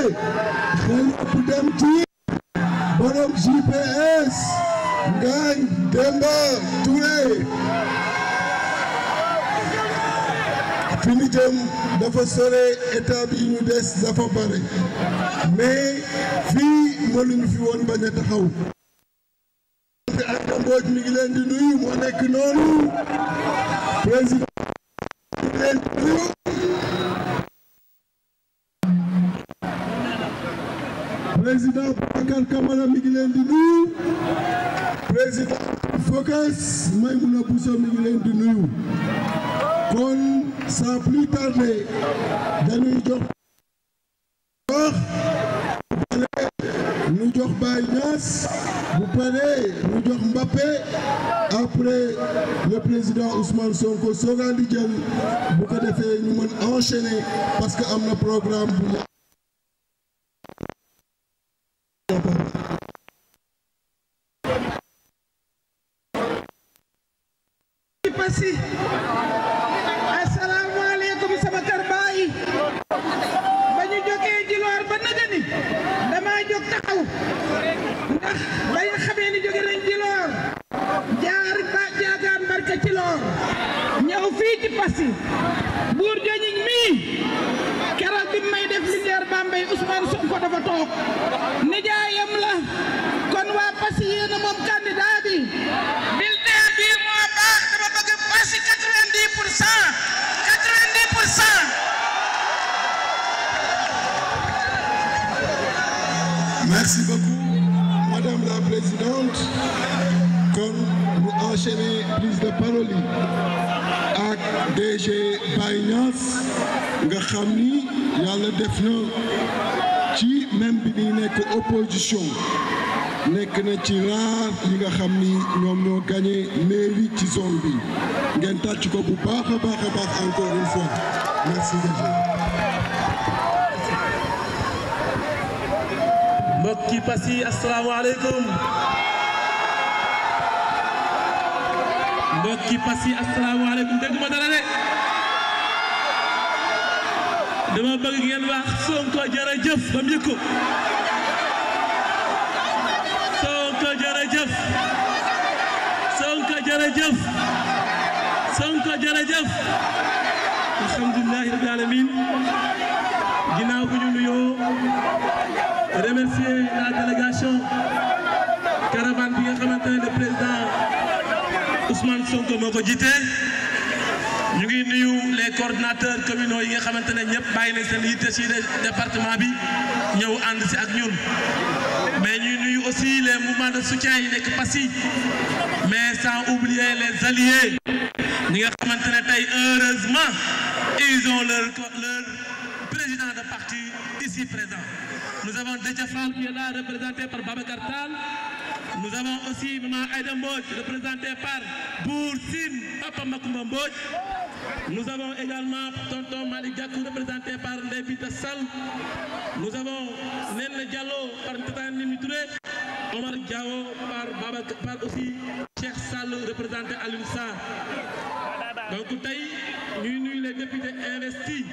xëpp dem tuur borom GPS Ngagne Demba Touré fi ñu jëm dafa sore étape yi ñu des dafa bare mais fii mënuñu fi woon bañ a taxaw te Aïda Mbodj mi ngi leen di nuyu moo nekk noonu président mi ngi leen di nuyu président Bakar Camara mi ngi leen di nuyu président Focus Maïmouna Bousso mi ngi leen di nuyu kon sans plus tarder dañuy jox wax bu paree ñu jox Baye Niass bu paree ñu jox Mbappé après le président Ousmane Sonko soogaan di jël bu ko defee ñu mën enchaîner parce que am na programme bu si asalaamaaleykum sama kër ba ñu jógee Djilor ba nëgëni dama jóg taxaw ndax ba nga ni jóge nañ Djilor jaar ba jaagaan barka ci ñëw fii ci Passy buur joñiñ mii keroog bi may def li leer Bambey Ousmane Sonko dafa toog nijaayam la kon waa Passy yéena moom candidat bi cent quatre-vingt-dix pour cent merci beaucoup madame la présidente kon mu enchaîner prise ak DG Baye nga xam ni yàlla def na ci même bi ñuy nekk opposition nekk na ci raar yi nga xam ni ñoom ñoo gagné mairie ci zone bi ngeen tàcc ko bu baax a baax a baax encore une mbokki Pass yi asalaamaaleykum. mbokki Pass ma dara de. dama bëgg ngeen wax Sonko jërëjëf ba mu yëg jërëjëf Sonko jërëjëf alhamdulilahi rabbil alamin ginnaaw bu ñu nuyoo remercier la délégation caravane bi nga xamante ne le président Ousmane Sonko moo ko jiite ñu ngi nuyu les coordonnateurs communaux yi nga xamante ne ñëpp bàyyi nañ seen yitte ci département bi ñëw ànd si ak ñun mais aussi les mouvements de soutien yi nekk mais sans oublier les alliés ñi nga xamante ne tey heureusement ils ont leur leur président de parti ici présent nous avons Déthié Fall qui est là représenté par Babacar Tall nous avons aussi Maman Aïda Mbodj représenté par Bour Sine Papa Makumba Mbodj nous avons également Tonton Malick représenté par Ndeye Bita nous avons Nene Diallo par Tata Mimi Touré Omar Diao par Baba par aussi Cheikh Sall représenté Alioune Sarr donc tey ñuy nuyu les députés investis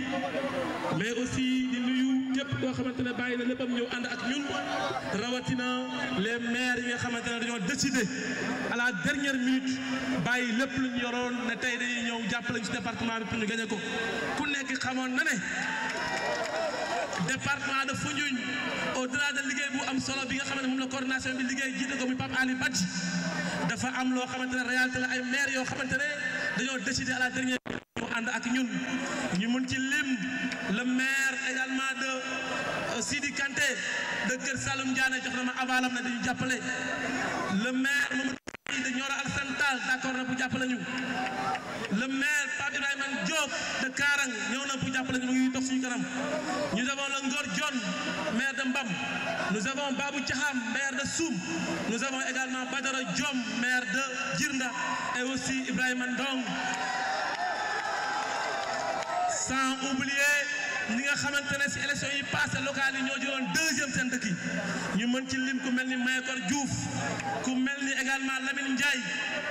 mais aussi di nuyu képp koo xamante ne bàyyi na léppam ñëw ànd ak ñun rawatina les maires yi nga xamante ne dañoo décidé à la dernière minute bàyyi lépp lu ñu yoroon ne tey dañuy ñëw jàppale ci département bi pour ñu gagné ko ku nekk xamoon na ne département de Foundiougne au-delà de liggéey bu am solo bi nga xamante ne moom la coordination bi liggéey jiite ko muy Pape Ali Badji dafa am loo xamante ne réalité la ay maire yoo xamante ne dañoo décider à la dernière mu ànd ak ñun ñu mun ci lim le maire également de euh, Sidi Kanté de Kër Saloum Diané jox na ma avalam na dañu jàppale le maire Mamadou de Nioro ak Santal d'accord na bu jàppale ñu le maire Pape Ibrahima Diop de Karang ñëw na bu jàppale ñu mu ngi toog suñu kanam ñu demoon la Ngor John de Mbam, nous avons Babou Tchaham, maire de Soum, nous avons également Badara Diom, maire de Girnda, et aussi Ibrahim Ndong. Sans oublier ñi nga xamante élection yi passé locales yi ñoo jëloon deuxième seen dëkk ñu mën ci lim ku mel ni Mayakor Diouf ku mel ni également Lamine Ndiaye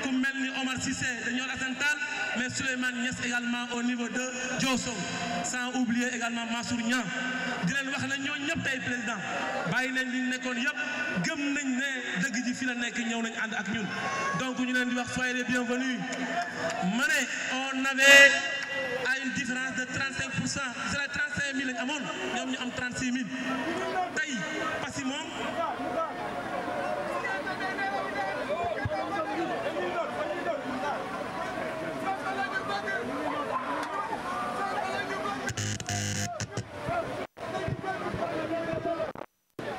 ku mel ni Omar Cissé dañoo Assane Tall mais Souleymane Niass également au niveau de Diossong sans oublier également Massour Niang di leen wax ne ñoo ñëpp tey président bàyyi nañ li ñu nekkoon yëpp gëm nañ ne dëgg ji fi la nekk ñëw nañ ànd ak ñun donc ñu leen di wax soyez les bienvenus ma ne on avait à une différence de 35 pour cent c'est 35 000 lañ amoon ñoom ñu am 36 000 tey parce que moom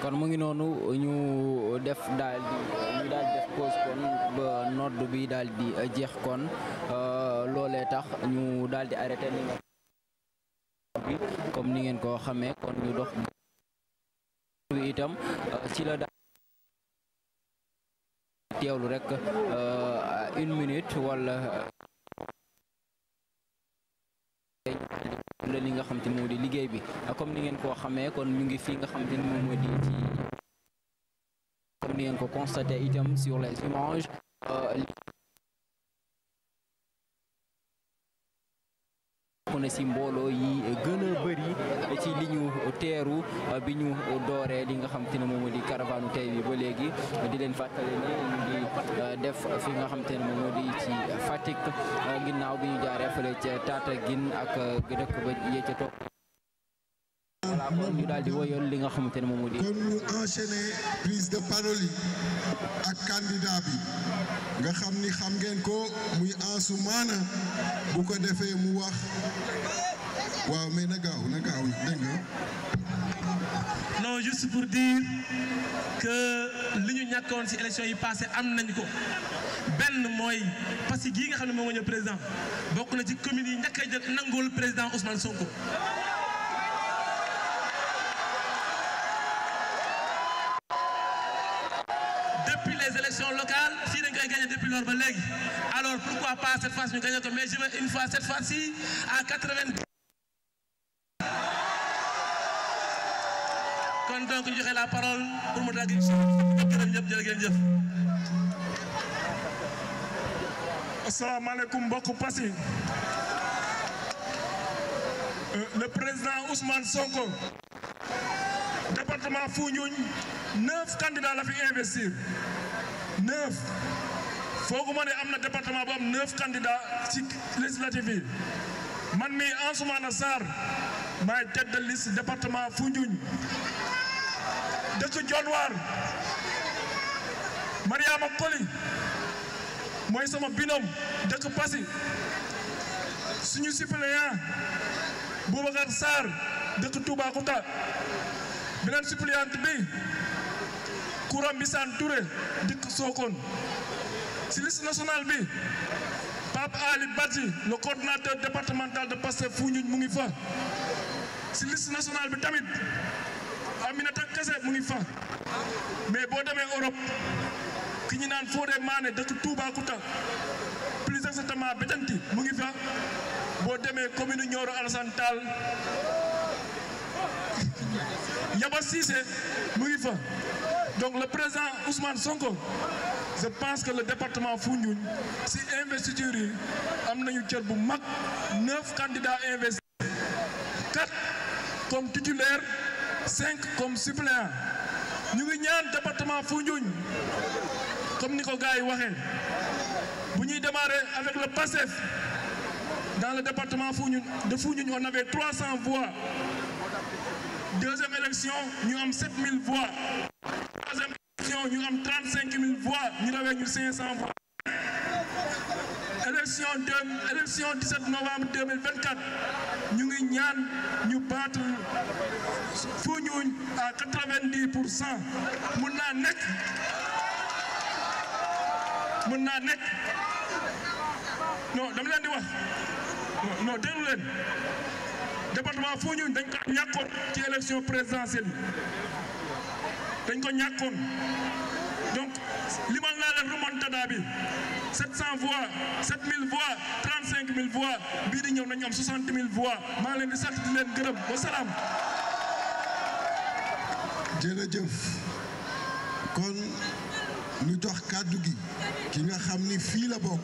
kon mu ngi noonu ñu def daal di ñu daal di def pause kon nodd bi daal uh, jeex kon uh, loole tax ñu daldi di arrêté li nga bi comme ngeen ko xamee kon ñu dox bi itam uh, ci la daal teewlu rek une minute wala la li nga xam te moo di liggéey bi comme ni ngeen koo xamee kon ñu ngi fii nga xam te ni moo di ci comme ko constaté itam sur les images euh, bokk na si mbooloo yi gën a ci li ñu teeru bi ñu dooree li nga xam te ne moom di caravane tey bi ba léegi di leen fàttali ne ñu ngi euh, def fi nga xam te ne moom di ci Fatick euh, ginnaaw bi ñu jaaree fële ca Tataguine ak euh, dëkk ba yee ca topp voilà kon ñu daal di woyoon li nga xamante ne moom moo di. kon ñu enchaîner prise de parole yi ak candidat bi nga xam ni xam ngeen ko muy Ansoumana bu ko defee mu wax waaw mais na gaaw na gaaw na nga. non juste pour dire que li ñu ñàkkoon ci élection yi passé am nañ ko benn mooy parce que gii nga xam ne moo nga ñëw président bokk na ci communes yi ñàkk a jël nangul président Ousmane Sonko. ténor ba léegi alors pourquoi pas cette fois ñu gagné ko mais je vais une fois cette fois-ci à 80 kon donc ñu joxe la parole pour mu dagg gërëm ñëpp jërëjëf asalaamaaleykum mbokku Passy euh, le président Ousmane Sonko département Foundiougne neuf candidats la fi investir neuf ma ne am na département bu am neuf candidats ci législative yi man mi Ansoumana Sarr maay tête de liste département Foundiougne dëkk Dionewar Mariama Koli mooy sama binôme dëkk Passy suñu suppléant Boubacar Sarr dëkk Toubacouta beneen suppléante bi Kouram Bissane Touré dëkk Sokone si liste nationale bi Pape Ali Badji le coordonnateur départemental de Pastef Foundiougne mu ngi fa si liste nationale bi tamit Aminata Kase mu ngi fa mais boo demee Europe ki ñu naan Fodé Mané dëkk Toubacouta plus exactement Bettenty mu ngi fa boo demee commune Nioro Alassane Tall Yaba Cissé mu ngi fa donc le président Ousmane Sonko je panse que le département Foundiougne si investiture yi am nañu cër bu mag neuf candidats investis quatre comme titulaire cinq comme suppléant ñu ngi ñaan département Foundiougne comme ni ko gars yi waxee bu ñuy démarrer avec le PASTEF dans le département Foundiougne de Foundiougne on avait trois cent voix deuxième élection ñu am sept mille voix élection ñu am 35 000 voix ñu rawee ñu 500 voix. élection deux élection 17 novembre 2024 ñu ngi ñaan ñu battre Foundiougne à 90 pour cent mun naa nekk mun naa nekk non dama leen di wax non déglu leen département Foundiougne dañ ko ñàkkoon ci élection présidentielle dañ ko ñàkkoon donc limal laa leen remontada bi 700 voix 7000 voix 35000 voix bii di ñëw nañu am 60000 voix maa ngi leen di sant di leen gërëm wa salaam. jërëjëf kon ñu jox kàddu gi ki nga xam ni fii la bokk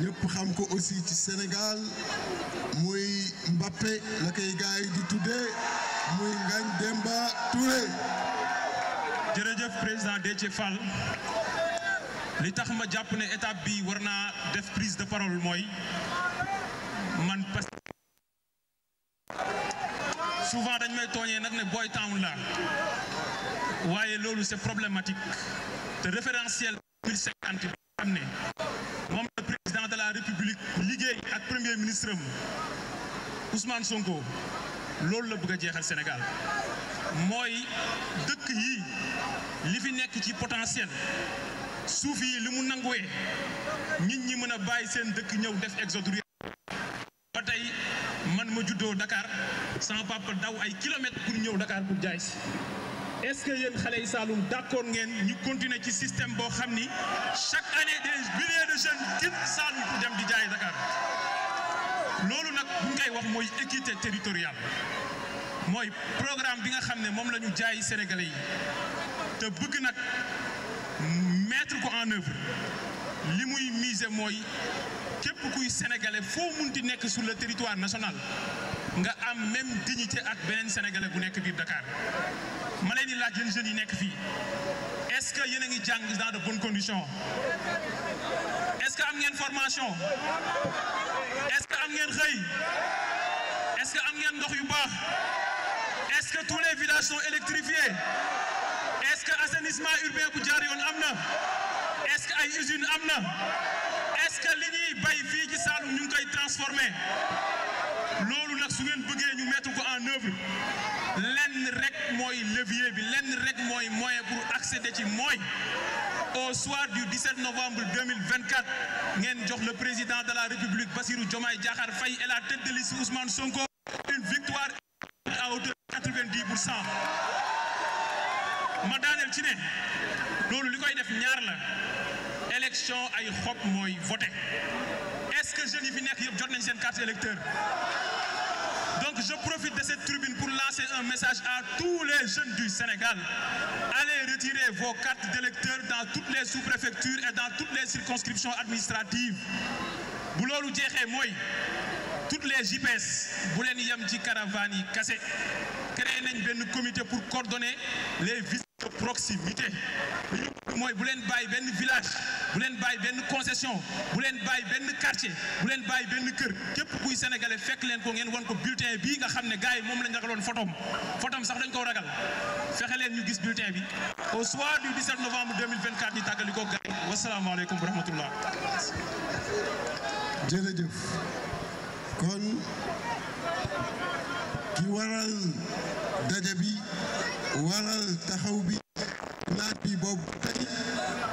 ñëpp xam ko aussi ci Sénégal muy Mbappé la koy gars yi di tuddee muy Ngagne Demba Touré. président Déthié Fall li tax ma jàpp ne étape bi war naa def prise de parole mooy man parce souvent dañ may tooñee nag ne boy town la waaye loolu c'est problématique te référentiel 2050 bi xam ne moom le président de la république liggéey ak premier ministre am Ousmane Sonko loolu la bëgg a jeexal Sénégal mooy dëkk yi li fi nekk ci potentiel suuf yi li mu nanguwee nit ñi mën a bàyyi seen dëkk ñëw def exode rural ba tey man ma juddoo dakaar sama papa daw ay kilomètres pour ñëw dakaar pour jaay si est-ce que xale yi Saloum d'accord ngeen ñu continuer ci système boo xam ni chaque année des milliers de jeunes quittent Saloum dem di jaay Dakar loolu nag bu ñu wax mooy équité territoriale mooy programme bi nga xam ne moom la ñu jaay sénégalais yi te bëgg nag mettre ko en œuvre li muy miser mooy képp kuy sénégalais foo mun di nekk sur le territoire national nga am même te ak beneen sénégalais bu nekk biir Dakar ma leen di laaj yéen jeunes yi nekk fii est-ce que yéen a ngi jàng dans de bonnes conditions est-ce que am ngeen formation. est-ce que am ngeen xëy ce que am ngeen ndox yu baax est-ce que tous les villages sont électrifiés est-ce que assainissement urbain bu jaar yoon am na est-ce que ay usines am na est-ce que li ñuy bay fii ci Saloum ñu ngi koy transformer loolu nag su ngeen bëggee ñu mettre ko en œuvre lenn rek mooy levier bi lenn rek mooy moyen pour accéder ci mooy au soir du 17 novembre 2024 ngeen jox le président de la République Bassirou Diomaye Diakhar Faye et la tête de liste Ousmane Sonko une victoire à hauteur de 90 pour cent ma daaneel ci ne loolu li koy def ñaar la élection ay xob mooy voté est-ce que jeunes yi fi nekk yëpp jot nañ seen carte électeur je profite de cette tribune pour lancer un message à tous les jeunes du Sénégal. Allez retirer vos cartes d'électeurs dans toutes les sous-préfectures et dans toutes les circonscriptions administratives. bu loolu jeexee mooy toutes les JPS bu leen yem ci caravane yi kase créé nañ benn comité pour coordonner les visites proximité li ñu bëgg mooy bu leen bàyyi benn village bu leen bàyyi benn concession bu leen bàyyi benn quartier bu leen bàyyi benn kër képp kuy sénégalais fekk leen ko ngeen won ko bulletin bii nga xam ne gars yi moom lañ ragaloon fotom fotom sax dañ ko ragal fexe leen ñu gis bulletin bi au soir du 17 novembre 2024 ñu tàggali ko gars yi wasalaamaaleykum wa rahmatullah jërëjëf kon ki waral daje bi waral taxaw bi laaj bi boobu tey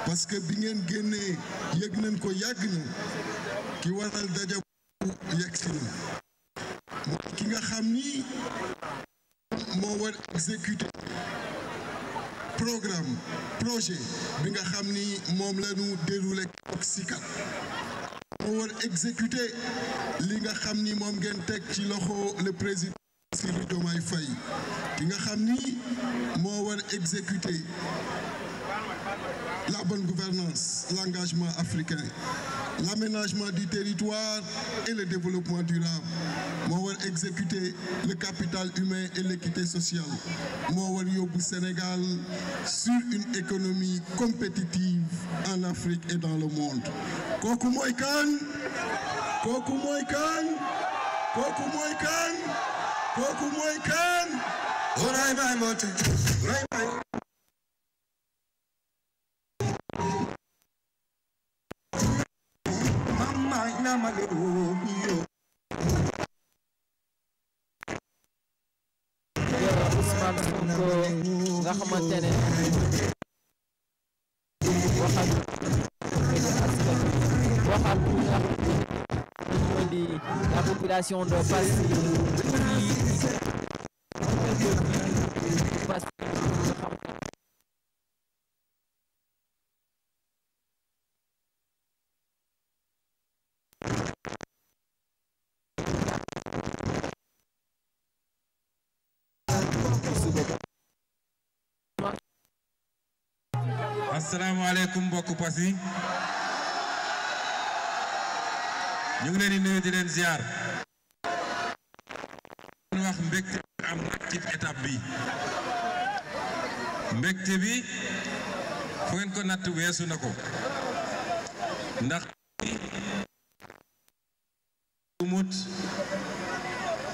parce que bi ngeen génnee yëg nañ ko yàgg na ki waral daje boobu yegg si na mooy ki nga xam ni moo war exécuter programme projet bi nga xam ni moom la ñu déroulé sikat moo war exécuter li nga xam ni moom ngeen teg ci loxo le président Bassirou Diomaye Faye ki nga xam ni moo war exécuter la bonne gouvernance l'engagement africain l'aménagement du territoire et le développement durable moo war exécuter le capital humain et l'équité sociale moo war yóbbu Sénégal sur une économie compétitive en Afrique et dans le monde kooku mooy kan kooku mooy kan kooku mooy kan Ronaay Baay Mboote Ronaay Baay mamma ina magado yo Ousmane Sonko nga xamante ne waxal askan waxal la population de Passy asalaamaaleykum mbokk Passy ñu ngi leen di nuyu di leen ziar. ñu wax mbégte am nag ci bi. mbégte bi fu ngeen ko natt weesu na ko. ndax umut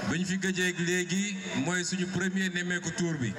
bañ fi gëjee léegi mooy suñu premier nemmeeku tour bi.